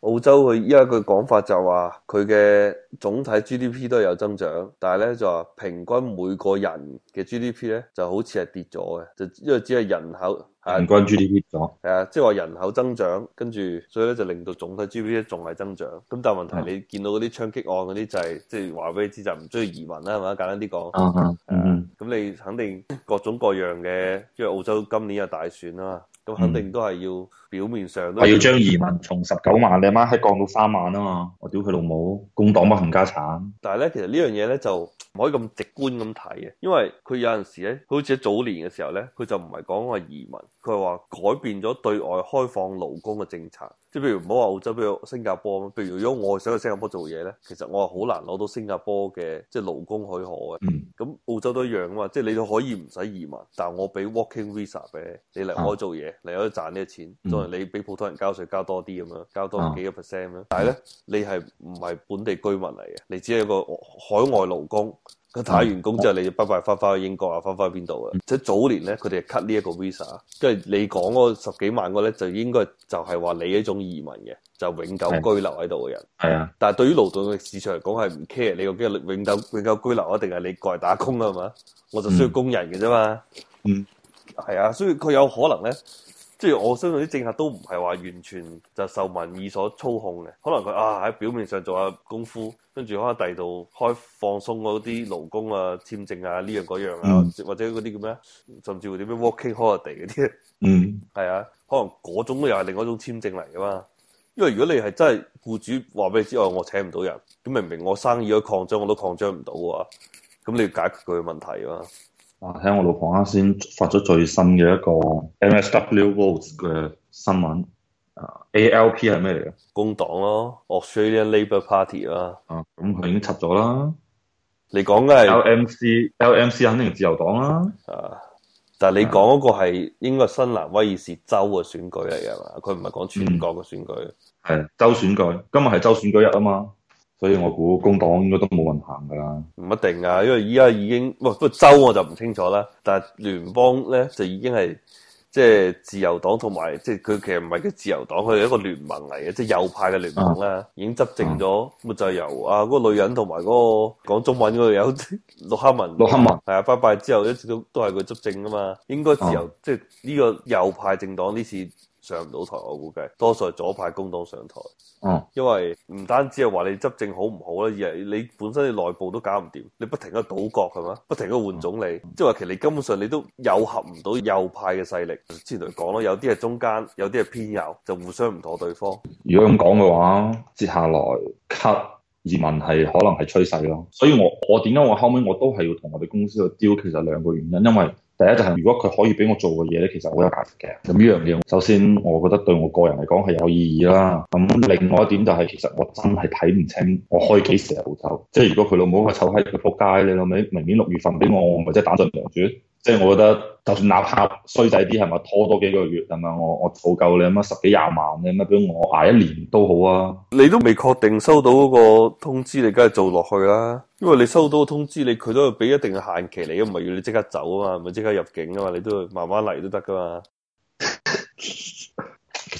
澳洲佢依家一句講法就話佢嘅總體 GDP 都有增長，但係咧就話平均每個人嘅 GDP 咧就好似係跌咗嘅，就因為只係人口平均 GDP 跌咗，係啊，即係話人口增長，跟住所以咧就令到總體 GDP 仲係增長，咁但係問題你見到嗰啲槍擊案嗰啲就係即係話俾你知就唔中意移民啦，係嘛？簡單啲講，啊，嗯嗯嗯，咁，啊，你肯定各種各樣嘅，因為澳洲今年有大選啦嘛，咁肯定都係要。表面上都係要將移民從十九萬，對你阿媽係降到三萬啊嘛！我屌佢老母，共黨冇冚家產。但係咧，其實呢樣嘢咧就唔可以咁直觀咁睇嘅，因為佢有陣時咧，好似喺早年嘅時候咧，佢就唔係講話移民，佢係話改變咗對外開放勞工嘅政策。即係譬如唔好話澳洲，譬如新加坡咁。譬如如果我想去新加坡做嘢咧，其實我係好難攞到新加坡嘅即係勞工許可嘅。咁、嗯、澳洲都一樣啊嘛，即係你都可以唔使移民，但係我俾 working visa 俾你嚟我做嘢，嚟我度賺呢啲錢。嗯。你俾普通人交稅交多啲咁樣，交多幾個 percent 咧，但係咧你係唔係本地居民嚟嘅，你只係一個海外勞工，佢打完工之後你要不敗翻翻去英國啊，翻翻去邊度啊？喺早年咧，佢哋係 cut 呢一個 visa，即係你講嗰十幾萬個咧，就應該就係話你一種移民嘅，就永久居留喺度嘅人。係啊，但係對於勞動嘅市場嚟講係唔 care 你個嘅永久永久居留一定係你過嚟打工啊嘛？我就需要工人嘅啫嘛嗯。嗯，係啊，所以佢有可能咧。即係我相信啲政客都唔係話完全就受民意所操控嘅，可能佢啊喺表面上做下功夫，跟住可能第二度開放鬆嗰啲勞工啊簽證啊呢樣嗰樣啊，嗯、或者嗰啲叫咩甚至會點樣 working holiday 嗰啲，嗯，係啊，可能嗰種又係另外一種簽證嚟噶嘛。因為如果你係真係僱主話俾你知、哎，我我請唔到人，咁明明我生意要擴張，我都擴張唔到啊。話，咁你要解決佢嘅問題啊。啊！睇下我老婆啱先發咗最新嘅一個 MSW votes 嘅新聞啊，ALP 係咩嚟嘅？Uh, 工黨咯，Australian Labor Party 啦。啊，咁佢、啊嗯嗯、已經執咗啦。你講嘅係 LMC，LMC 肯定係自由黨啦。啊，嗯、但係你講嗰個係應該係新南威爾士州嘅選舉嚟嘅嘛？佢唔係講全國嘅選舉。係、嗯、州選舉，今日係州選舉日啊嘛？所以我估工黨應該都冇運行㗎啦。唔一定啊，因為依家已經，喂、哦，不過州我就唔清楚啦。但係聯邦咧就已經係即係自由黨同埋，即係佢其實唔係叫自由黨，佢係一個聯盟嚟嘅，即、就、係、是、右派嘅聯盟啦。啊、已經執政咗，咁、啊、就由啊嗰個女人同埋嗰個講中文嗰個有陸克文，陸克文係啊，拜拜之後一直都都係佢執政㗎嘛。應該自由即係呢個右派政黨呢次。上唔到台，我估計多數左派公黨上台，嗯，因為唔單止係話你執政好唔好咧，而係你本身嘅內部都搞唔掂，你不停嘅倒角係嘛，不停嘅換總理，嗯、即係話其實你根本上你都融合唔到右派嘅勢力。之前嚟講咯，有啲係中間，有啲係偏右，就互相唔妥對方。如果咁講嘅話，接下來吸移民係可能係趨勢咯。所以我我點解我後尾我都係要同我哋公司去丟，其實兩個原因，因為。第一就係、是、如果佢可以俾我做嘅嘢咧，其實好有價值嘅。咁呢樣嘢，首先我覺得對我個人嚟講係有意義啦。咁、嗯、另外一點就係、是、其實我真係睇唔清我開幾時好走。即係如果佢老母話醜喺佢仆街你老咪明年六月份俾我，我咪即打盡糧主。即係我覺得，就算哪怕衰仔啲，係咪拖多幾個月，係咪我我儲夠你啊嘛？十幾廿萬，你乜俾我挨一年都好啊？你都未確定收到嗰個通知，你梗係做落去啦。因為你收到個通知，你佢都要俾一定嘅限期嚟，你，唔係要你即刻走啊嘛，咪即刻入境啊嘛，你都要慢慢嚟都得噶嘛。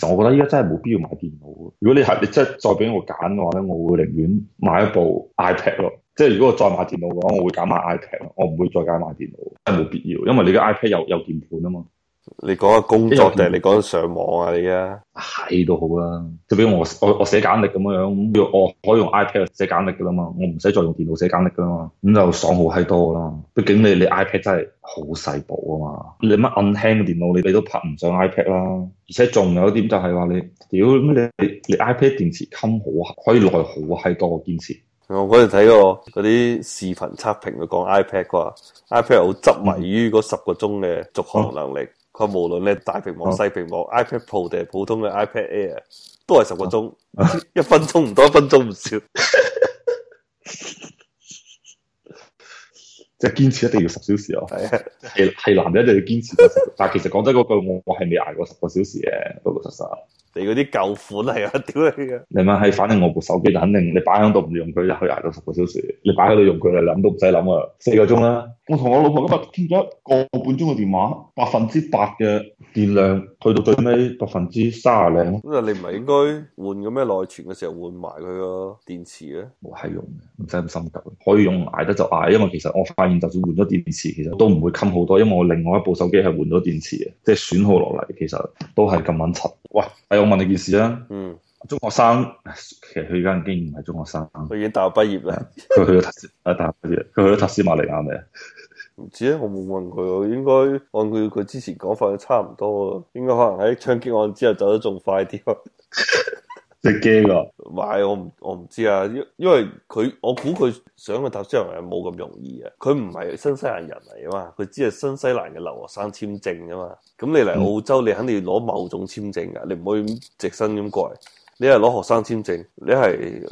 其實我覺得依家真係冇必要買電腦。如果你係你真係再俾我揀嘅話咧，我會寧願買一部 iPad 咯。即係如果我再買電腦嘅話，我會揀買 iPad，我唔會再揀買電腦，真係冇必要，因為你嘅 iPad 有有鍵盤啊嘛。你下講工作定係你講上網啊？你啊係都好啦，就 比如我我我寫簡歷咁樣樣，咁我可以用 iPad 寫簡歷噶啦嘛，我唔使再用電腦寫簡歷噶啦嘛，咁就爽好閪多啦。畢竟你你 iPad 真係好細薄啊嘛，你乜暗輕嘅電腦你哋都拍唔上 iPad 啦。而且仲有一點就係、是、話你屌乜你你 iPad 電池襟好，可以耐好閪多個堅持、嗯。我嗰陣睇過嗰啲視頻測評，佢講 iPad 啩，iPad 好執迷於嗰十個鐘嘅續航能力。嗯佢無論你大屏幕、細屏幕、好 iPad Pro 定係普通嘅 iPad Air，都係十個鐘， 一分鐘唔多，一分鐘唔少。即 係堅持一定要十小時啊！係係男仔一定要堅持， 但係其實講真嗰句，我我係未捱過十個小時嘅，老老實實。你嗰啲舊款係啊？屌你呀！你問係，反正我部手機就肯定你擺喺度唔用佢，又可以捱到十個小時。你擺喺度用佢，你諗都唔使諗啊！四個鐘啦。我同我老婆今日傾咗一個半鐘嘅電話，百分之百嘅電量去到最尾百分之卅零咯。咁啊，你唔係應該換咗咩內存嘅時候換埋佢個電池咧？冇係用嘅，唔使咁心急，可以用，捱得就捱。因為其實我發現，就算換咗電池，其實都唔會襟好多，因為我另外一部手機係換咗電池嘅，即係損耗落嚟，其實都係咁撚柒。喂，係我問你件事啊。嗯。中學生，其實佢而家已經唔係中學生，佢已經大學畢業啦。佢 去咗塔斯，啊大佢去咗塔斯馬尼亞未啊？唔 知啊，我冇問佢喎。應該按佢佢之前講法，佢差唔多咯。應該可能喺槍擊案之後走得仲快啲咯。 你驚啊？買我唔，我唔知啊，因因為佢，我估佢想去塔斯馬尼亞冇咁容易啊。佢唔係新西蘭人嚟啊嘛，佢只係新西蘭嘅留學生簽證啫嘛。咁你嚟澳洲，你肯定要攞某種簽證噶，你唔可以咁直身咁過嚟。你係攞學生簽證，你係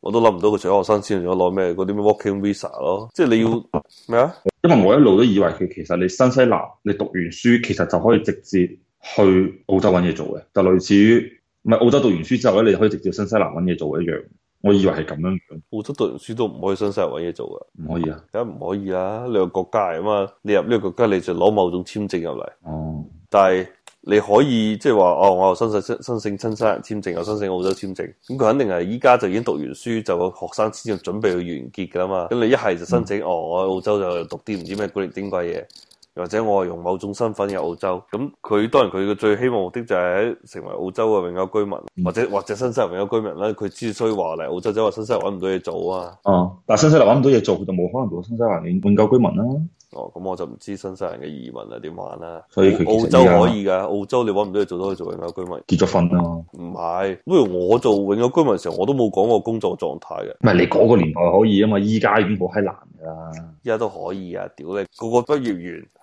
我都諗唔到佢除咗學生簽證仲攞咩嗰啲咩 working visa 咯，即係你要咩啊？因為我一路都以為佢其實你新西蘭你讀完書其實就可以直接去澳洲揾嘢做嘅，就類似於唔係澳洲讀完書之後咧，你可以直接新西蘭揾嘢做一樣。我以為係咁樣樣，澳洲讀完書都唔可以新西蘭揾嘢做㗎，唔可以啊？梗唔可以啊！兩個國家嚟啊嘛，你入呢個國家你就攞某種簽證入嚟，哦、嗯，但係。你可以即係話哦，我又申請申申請親生人簽證，又申請澳洲簽證。咁佢肯定係依家就已經讀完書，就個學生簽證準備去完結㗎嘛。咁你一係就申請哦，我喺澳洲就讀啲唔知咩古靈精怪嘢，或者我用某種身份入澳洲。咁佢當然佢嘅最希望目的就係成為澳洲嘅永久居民，嗯、或者或者新西蘭永久居民啦。佢之所以話嚟澳洲，就話新西蘭揾唔到嘢做啊。哦、嗯，但新西蘭揾唔到嘢做，佢就冇可能到新西蘭永久居民啦、啊。哦，咁、嗯、我就唔知新西蘭嘅移民係點玩啦。所以澳洲可以噶，澳洲你揾唔到嘢做到去做永久居民。結咗婚咯，唔係，不如我做永久居民時候我都冇講過工作狀態嘅。唔係你嗰個年代可以啊嘛，依家已經好閪難噶。依家都可以啊！屌你，個個畢業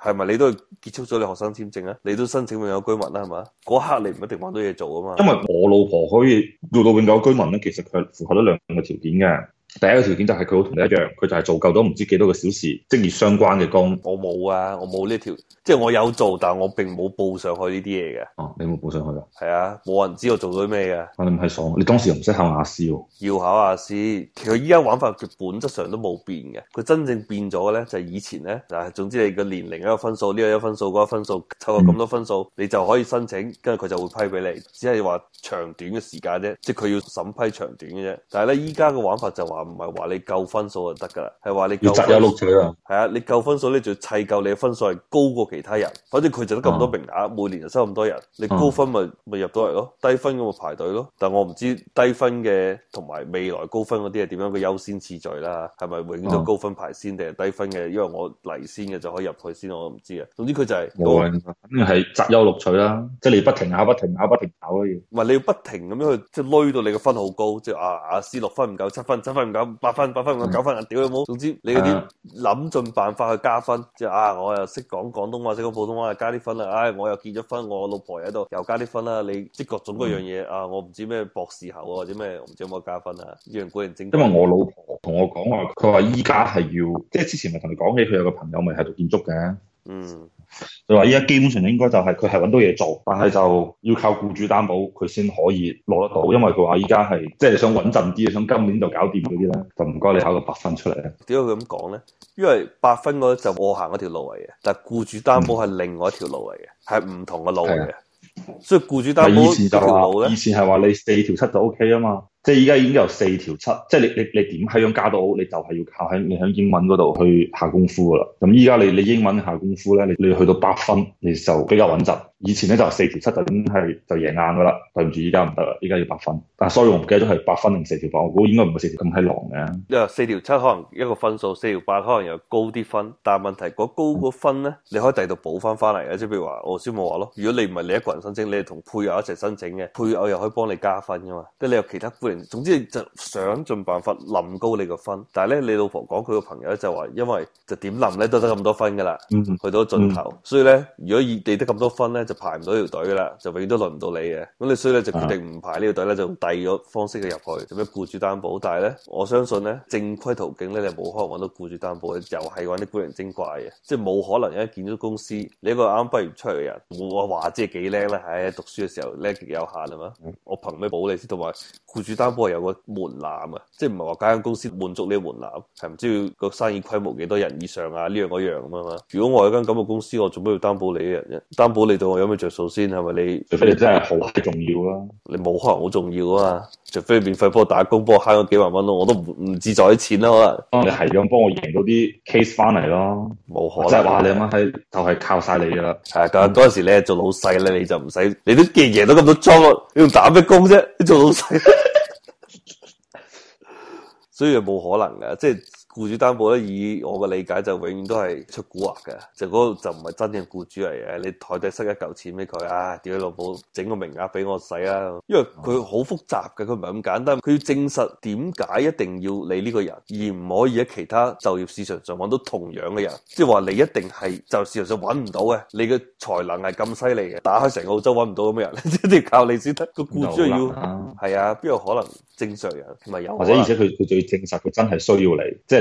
完係咪你都結束咗你學生簽證啊？你都申請永久居民啦，係咪？嗰刻你唔一定揾到嘢做啊嘛。因為我老婆可以做到永久居民咧，其實佢符合咗兩個條件嘅。第一個條件就係佢好同你一樣，佢就係做夠咗唔知幾多個小時職業相關嘅工。我冇啊，我冇呢條，即係我有做，但係我並冇報上去呢啲嘢嘅。哦、啊，你冇報上去啊？係啊，冇人知我做咗咩嘅。你唔係傻，你當時唔識考雅思喎？要考雅思，其實佢依家玩法佢本質上都冇變嘅。佢真正變咗嘅咧就係、是、以前咧，嗱，總之你個年齡一個分數呢、這個一分數嗰個分數湊夠咁多分數，嗯、你就可以申請，跟住佢就會批俾你。只係話長短嘅時間啫，即係佢要審批長短嘅啫。但係咧，依家嘅玩法就話。唔係話你夠分數就得噶啦，係話你要擇優錄取啦。係啊，你夠分數咧，就要砌夠你嘅分數係高過其他人。反正佢就得咁多名額，每年就收咁多人，你高分咪咪入到嚟咯，低分咁咪排隊咯。但係我唔知低分嘅同埋未來高分嗰啲係點樣嘅優先次序啦，係咪永咗高分排先定係低分嘅？因為我嚟先嘅就可以入去先，我唔知啊。總之佢就係係擇優錄取啦，即係你不停考、不停考、不停考咯，唔係你要不停咁樣去，即係累到你嘅分好高，即係啊啊，C 六分唔夠，七分七分。咁八分八分九分啊！屌你老母，總之你嗰啲諗盡辦法去加分，即係啊！我又識講廣東話，識講普通話，加啲分啦。唉，我又結咗婚，我老婆喺度又加啲分啦。你即各種嗰樣嘢、嗯、啊，我唔知咩博士後或者咩，唔知有冇加分啊？樣個人整，因為我老婆同我講話，佢話依家係要，即係之前咪同你講起，佢有個朋友咪係讀建築嘅。嗯。你話依家基本上咧，應該就係佢係揾到嘢做，但係就要靠僱主擔保佢先可以攞得到，因為佢話依家係即係想穩陣啲，想今年就搞掂嗰啲咧，就唔該你考個八分出嚟啦。點解佢咁講咧？因為八分嗰啲就我行嗰條路嚟嘅，但係僱主擔保係另外一條路嚟嘅，係唔、嗯、同嘅路嚟嘅。的所以僱主擔保以前就話，呢以前係話你四條七條就 OK 啊嘛。即係依家已經有四條七，即係你你你點係樣加都好，你就係要靠喺英文嗰度去下功夫㗎喇。咁依家你英文下功夫呢，你你去到八分，你就比較穩陣。以前咧就四條七就真係就贏硬噶啦，對唔住依家唔得啦，依家要八分。但係 so 我唔記得咗係八分定四條八，我估應該唔會四條咁閪狼嘅。啊，條條四條七可能一個分數，四條八可能又高啲分。但係問題嗰、那個、高個分咧，嗯、你可以第二度補翻翻嚟嘅。即係譬如話，我先冇話咯。如果你唔係你一個人申請，你係同配偶一齊申請嘅，配偶又可以幫你加分噶嘛。即係你有其他家庭，總之就想盡辦法冧高你個分。但係咧，你老婆講佢個朋友就話，因為就點冧咧都得咁多分噶啦，嗯嗯、去到盡頭。所以咧，如果你得咁多分咧，就排唔到條隊噶啦，就永遠都輪唔到你嘅。咁你所以咧就決定唔排呢條隊咧，就用第二個方式嘅入去。做咩僱主擔保？但係咧，我相信咧正規途徑咧你冇可能揾到僱主擔保嘅，又係揾啲古靈精怪嘅，即係冇可能。因為見到公司，你一個啱畢業出嚟嘅人，我話即係幾叻啦，喺、哎、讀書嘅時候叻極有限啊嘛。我憑咩保你？同埋僱主擔保係有個門檻啊，即係唔係話間間公司滿足呢個門檻係唔知要個生意規模幾多人以上啊？呢樣嗰樣咁啊嘛。如果我有間咁嘅公司，我做咩要擔保你一人啫？擔保你對我。咁咪着數先係咪你？除非你真係好重要啦，你冇可能好重要啊！除非免費幫我打工，幫我慳咗幾萬蚊咯，我都唔唔自在啲錢咯。嗯、像你係咁幫我贏到啲 case 翻嚟咯，冇可能！即係話，就是、你咁樣係就係靠晒你噶啦。係嗰嗰陣時咧你係做老細咧，你就唔使，你都既然贏到咁多樁你要打咩工啫？你做老細， 所以冇可能噶，即係。雇主擔保咧，以我嘅理解就永遠都係出蠱惑嘅，就嗰個就唔係真正雇主嚟嘅。你台底塞一嚿錢俾佢，啊，點解老母整個名額俾我使啊？因為佢好複雜嘅，佢唔係咁簡單，佢要證實點解一定要你呢個人，而唔可以喺其他就業市場上揾到同樣嘅人。即係話你一定係就市場上揾唔到嘅，你嘅才能係咁犀利嘅，打開成澳洲揾唔到咁嘅人，即 係靠你先得。個僱主要係、嗯、啊，邊有可能正常人同埋有或者而且佢佢要證實佢真係需要你，即係。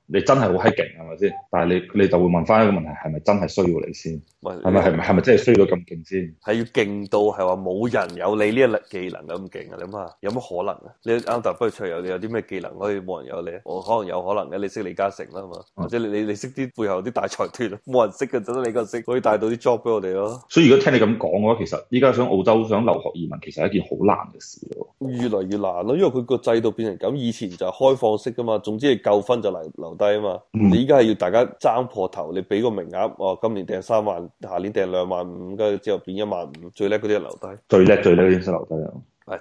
你真係好閪勁係咪先？但係你你就會問翻一個問題，係咪真係需是要你先？係咪係咪係咪真係需要到咁勁先？係要勁到係話冇人有你呢一技能咁勁啊！你諗下，有乜可能啊？你啱頭，不如出嚟有啲咩技能可以冇人有你？我可能有可能嘅，你識李嘉誠啦，係嘛？嗯、或者你你識啲背後啲大財團冇人識嘅，就得你個識可以帶到啲 job 俾我哋咯，啊。所以如果聽你咁講嘅話，其實依家想澳洲想留學移民，其實係一件好難嘅事咯。越嚟越難咯，因為佢個制度變成咁，以前就係開放式噶嘛，總之係夠分就嚟留低啊嘛，你依家係要大家爭破頭，你俾個名額，哦，今年訂三萬，下年訂兩萬五，跟住之後變一萬五，最叻嗰啲就留低，最叻最叻嗰啲先留低啊。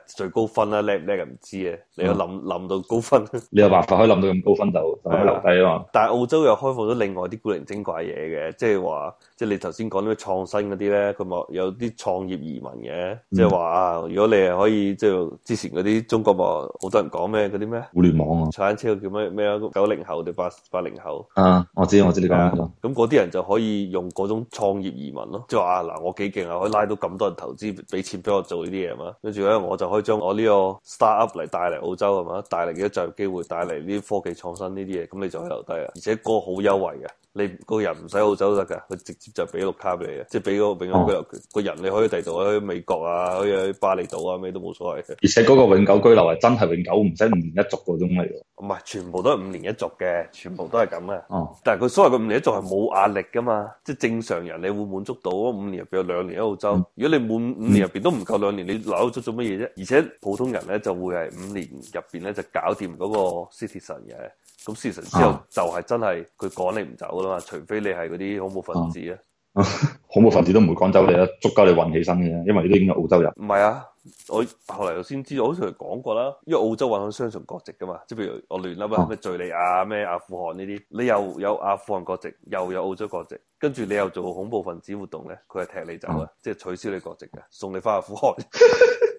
最高分啦，叻唔叻唔知啊。知啊嗯、你有諗諗到高分？你有辦法可以諗到咁高分就的就喺留低啊嘛。但係澳洲又開放咗另外啲古靈精怪嘢嘅，即係話即係你頭先講啲創新嗰啲咧，佢咪有啲創業移民嘅，即係話啊，如果你係可以即係、就是、之前嗰啲中國咪好多人講咩嗰啲咩互聯網啊，踩單車叫咩咩啊？九零後定八八零後啊？我知我知你講。咁嗰啲人就可以用嗰種創業移民咯，即係話嗱我幾勁啊，可以拉到咁多人投資，俾錢俾我做呢啲嘢嘛？跟住咧我就可以將我呢個 start up 嚟帶嚟澳洲係嘛，帶嚟嘅就業機會，帶嚟呢啲科技創新呢啲嘢，咁你就可以留低啊！而且嗰個好優惠嘅，你個人唔使澳洲得㗎，佢直接就俾綠卡俾你嘅，即係俾嗰個永久居留權。個、哦、人你可以第度去美國啊，可以去巴厘島啊，咩都冇所謂嘅。而且嗰個永久居留係真係永久，唔使五年一續嗰種嚟㗎。唔係，全部都係五年一續嘅，全部都係咁嘅。但係佢所謂嘅五年一續係冇壓力㗎嘛？即係正常人你會滿足到五年入邊有兩年喺澳洲，嗯、如果你滿五年入邊都唔夠兩年，你留咗做乜嘢？而且普通人咧就會係五年入邊咧就搞掂嗰個 citizen 嘅，咁 citizen 之後就係真係佢趕你唔走㗎啦嘛，除非你係嗰啲恐怖分子啊，啊，恐怖分子都唔會趕走你啦，足夠你運起身嘅，因為呢啲已經係澳洲人。唔係啊，我後嚟我先知道，我好似佢哋講過啦，因為澳洲允許雙重國籍噶嘛，即係譬如我亂諗咩敍利亞咩阿富汗呢啲，你又有阿富汗國籍，又有澳洲國籍，跟住你又做恐怖分子活動咧，佢係踢你走啊，即係取消你國籍嘅，送你翻阿富汗。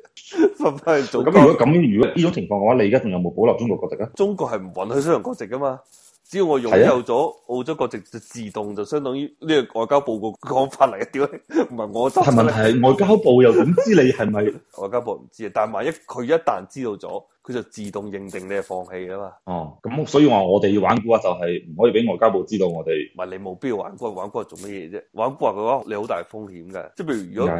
咁 如果咁，如果呢種情況嘅話，你而家仲有冇保留中國國籍啊？中國係唔允許雙重國籍㗎嘛？只要我擁有咗澳洲國籍，啊、就自動就相當於呢、這個外交部嘅講法嚟嘅，屌！ 唔係我得。係問題係外交部又點知你係咪？是是外交部唔知啊，但係萬一佢一旦知道咗，佢就自動認定你係放棄嘅嘛。哦，咁所以話我哋要玩蠱惑啊、就是，就係唔可以俾外交部知道我哋。唔係你冇必要玩蠱惑，玩蠱惑做乜嘢啫？玩蠱惑啊嘅話，你好大風險嘅。即係譬如如果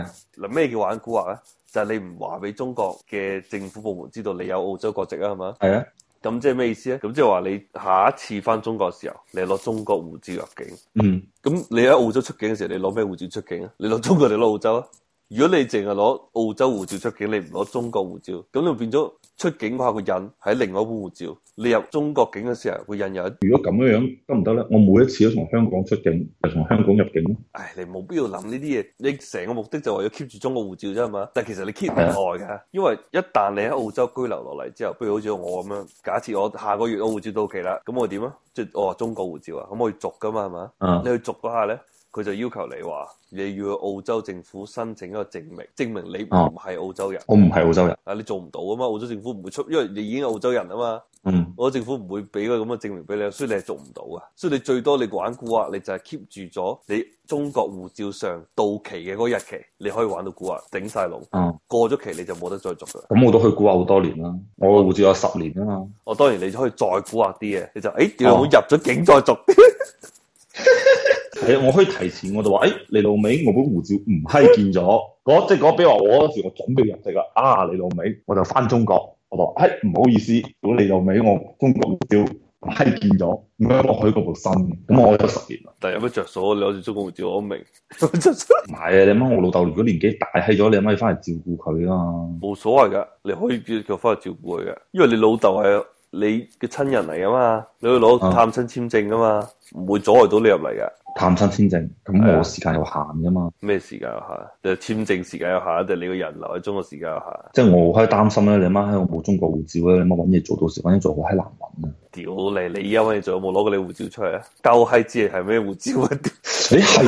嗱咩、啊、叫玩蠱惑啊？就係、是、你唔話俾中國嘅政府部門知道你有澳洲國籍啊？係嘛？係啊。咁即係咩意思咧？咁即係話你下一次翻中國的時候，你攞中國護照入境。嗯，咁你喺澳洲出境嘅時候，你攞咩護照出境啊？你攞中國定攞澳洲啊？如果你淨係攞澳洲護照出境，你唔攞中國護照，咁你就變咗出境嘅話，個印喺另外一本護照。你入中國境嘅時候，會印有，如果咁樣樣得唔得咧？我每一次都從香港出境，就從香港入境。唉，你冇必要諗呢啲嘢。你成個目的就係要 keep 住中國護照啫，係嘛？但係其實你 keep 唔耐嘅，的因為一旦你喺澳洲居留落嚟之後，譬如好似我咁樣，假設我下個月個護照到期啦，咁我點啊？即係我話中國護照啊，咁我會續㗎嘛，係嘛？嗯。你去續嗰下咧？佢就要求你話你要去澳洲政府申請一個證明，證明你唔係澳洲人。啊、我唔係澳洲人。啊，你做唔到啊嘛？澳洲政府唔會出，因為你已經澳洲人啊嘛。嗯，澳洲政府唔會俾個咁嘅證明俾你，所以你係做唔到噶。所以你最多你玩蠱惑，你就係 keep 住咗你中國護照上到期嘅嗰日期，你可以玩到蠱惑整晒腦。路嗯，過咗期你就冇得再續噶。咁、嗯、我都去蠱惑好多年啦，我護照有十年啊嘛。我、哦、當然你可以再蠱惑啲嘢，你就誒，點解我入咗境再續？哦 係啊！我可以提前我就話，誒、哎，你老味，我本護照唔閪見咗嗰、 嗰個、即係嗰，比如話我嗰時我準備入籍啊。啊，你老味，我就翻中國，我話誒唔好意思，如果你老味，我，我，我中國護照閪見咗，咁該我去嗰部新咁我有十年。但係有咩着數？你攞住中國護照，我明唔係啊？你阿媽、媽我老豆如果年紀大閪咗，你阿媽要翻嚟照顧佢啊？冇所謂㗎，你可以叫佢翻嚟照顧佢嘅，因為你老豆係你嘅親人嚟㗎嘛，你要攞探親簽證㗎嘛，唔、嗯、會阻礙到你入嚟㗎。探親簽證，咁的我時間又限噶嘛？咩時間又限？就簽證時間又限，定係你個人留喺中國時間又限。即係我開擔心啦，你媽喺我冇中國護照啊，你媽揾嘢做到時，反正做好閪難揾啊！屌你，你而家揾嘢做有冇攞過你護照出嚟啊？夠閪知係咩護照啊？屌你係啊！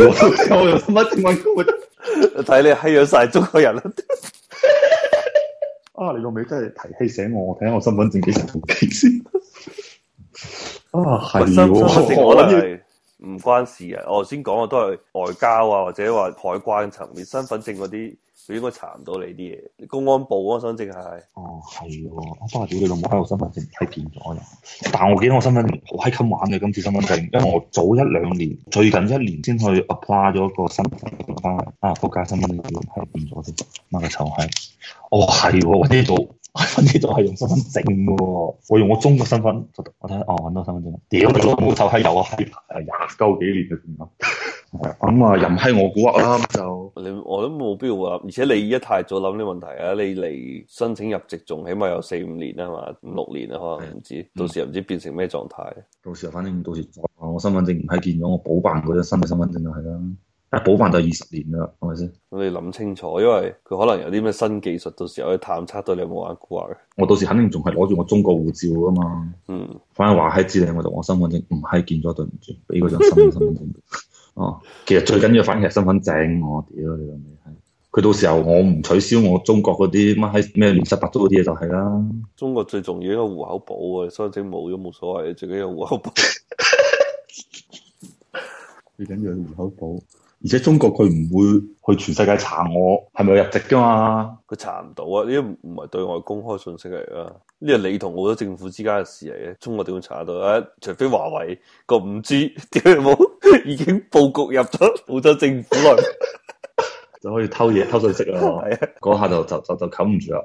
我有乜點問？我睇 你閪養晒中國人啦！ 啊！你個尾真係提氣醒我！我睇下我身份證幾時同機先？ 啊係我可能。啊唔關事啊！我頭先講嘅都係外交啊，或者話海關層面身份證嗰啲，佢應該查唔到你啲嘢。公安部嗰個身份證係哦，係哦。阿巴仔，你個馬我身份證係變咗啦。但我記得我身份證好閪襟玩嘅，今次身份證，因為我早一兩年，最近一年先去 apply 咗個身份證啊，國家身份證係變咗添。乜嘢臭閪？哦，係喎，我呢度。呢度係用身份證噶，我用我中國身份我睇下，哦，揾到身份證。屌，冇臭閪有啊廿九幾年嘅電腦，咁啊又唔係我估啊就你我都冇必要啊。而且你一太早諗啲問題啊，你嚟申請入籍仲起碼有四五年啊嘛，五六年啊可能唔知，到時又唔知變成咩狀態。到時反正到時我身份證唔係見咗，我補辦嗰張新嘅身份證就係、是、啦。一補辦就二十年啦，係咪先？我哋諗清楚，因為佢可能有啲咩新技術，到時可以探測到你有冇玩古。我到時肯定仲係攞住我中國護照噶嘛。嗯，反正話嗨知你，我就我身份證唔係見咗，對唔住，俾佢張身份證。 哦，其實最緊要反而係身份證我，我屌你老味，係佢到時候我唔取消我中國嗰啲乜嗨咩亂七八糟嗰啲嘢就係啦。中國最重要一個戶口簿啊，身份證冇咗冇所謂，最緊要戶口簿。 最緊要戶口簿。而且中國佢唔會去全世界查我係咪入籍噶嘛？佢查唔到啊！呢啲唔唔係對外公開信息嚟啊！呢係你同澳洲政府之間嘅事嚟嘅。中國點會查得到啊？除非華為個五 G 點解冇已經布局入咗澳洲政府內，就可以偷嘢偷信息啊！嗰 下就就就就冚唔住啦～